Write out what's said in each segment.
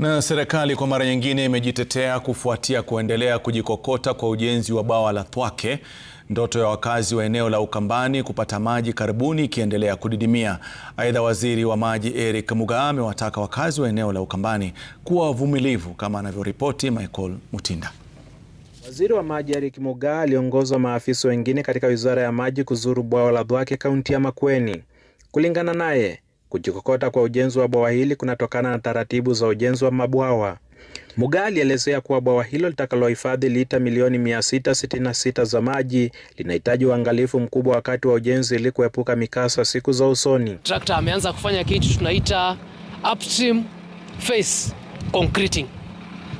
Na serikali kwa mara nyingine imejitetea kufuatia kuendelea kujikokota kwa ujenzi wa bwawa la Thwake, ndoto ya wakazi wa eneo la Ukambani kupata maji karibuni ikiendelea kudidimia. Aidha, waziri wa maji Eric Mugaa amewataka wakazi wa eneo la Ukambani kuwa wavumilivu, kama anavyoripoti Michael Mutinda. Waziri wa maji Eric Mugaa aliongozwa maafisa wengine katika wizara ya maji kuzuru bwawa la Thwake kaunti ya Makueni. Kulingana naye Kujikokota kwa ujenzi wa bwawa hili kunatokana na taratibu za ujenzi wa mabwawa. Mugaa alielezea kuwa bwawa hilo litakalohifadhi lita milioni 666 za maji linahitaji uangalifu mkubwa wakati wa ujenzi ili kuepuka mikasa siku za usoni. Trakta ameanza kufanya kitu tunaita upstream face concreting.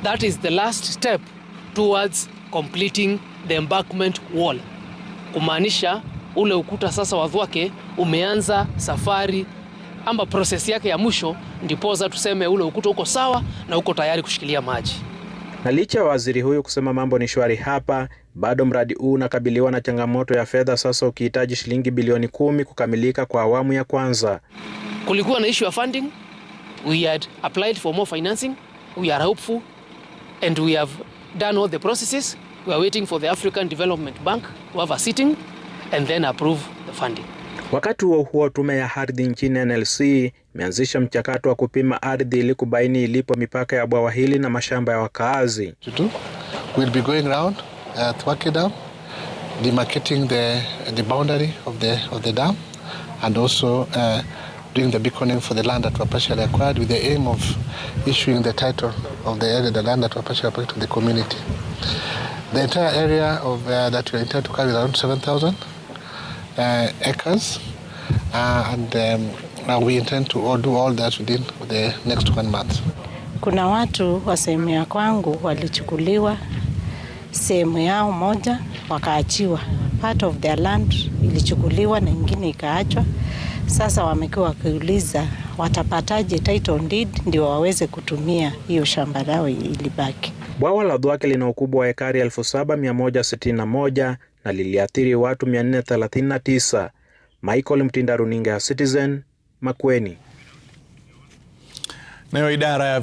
That is the last step towards completing the embankment wall, kumaanisha ule ukuta sasa wadhwake umeanza safari ama proses yake ya mwisho, ndipoza tuseme ule ukuta uko sawa na uko tayari kushikilia maji. Na licha ya waziri huyu kusema mambo ni shwari hapa, bado mradi huu unakabiliwa na changamoto ya fedha, sasa ukihitaji shilingi bilioni kumi kukamilika kwa awamu ya kwanza. Kulikuwa na issue ya funding, we had applied for more financing, we are hopeful and we have done all the processes, we are waiting for the African Development Bank to have a sitting and then approve the funding. Wakati huo huo, tume ya ardhi nchini NLC imeanzisha mchakato wa kupima ardhi ili kubaini ilipo mipaka ya bwawa hili na mashamba ya wakaazi. We'll be going round at Wake Dam, demarcating the, the boundary of the, of the dam and also uh, doing the beaconing for the land that were partially acquired with the aim of issuing the title of the area, the land that were partially acquired to the community. The entire area of, uh, that we intend to cover is around 7,000 uh, acres, uh, and um, we intend to do all that within the next one month. Kuna watu wa sehemu ya kwangu walichukuliwa sehemu yao moja wakaachiwa, part of their land ilichukuliwa na ingine ikaachwa. Sasa wamekuwa wakiuliza watapataje title deed ndio waweze kutumia hiyo shamba lao ilibaki. Bwawa la Dhwake lina ukubwa wa ekari 7161 na liliathiri watu 439. Michael Mtinda, runinga ya Citizen, Makueni. Nayo idara ya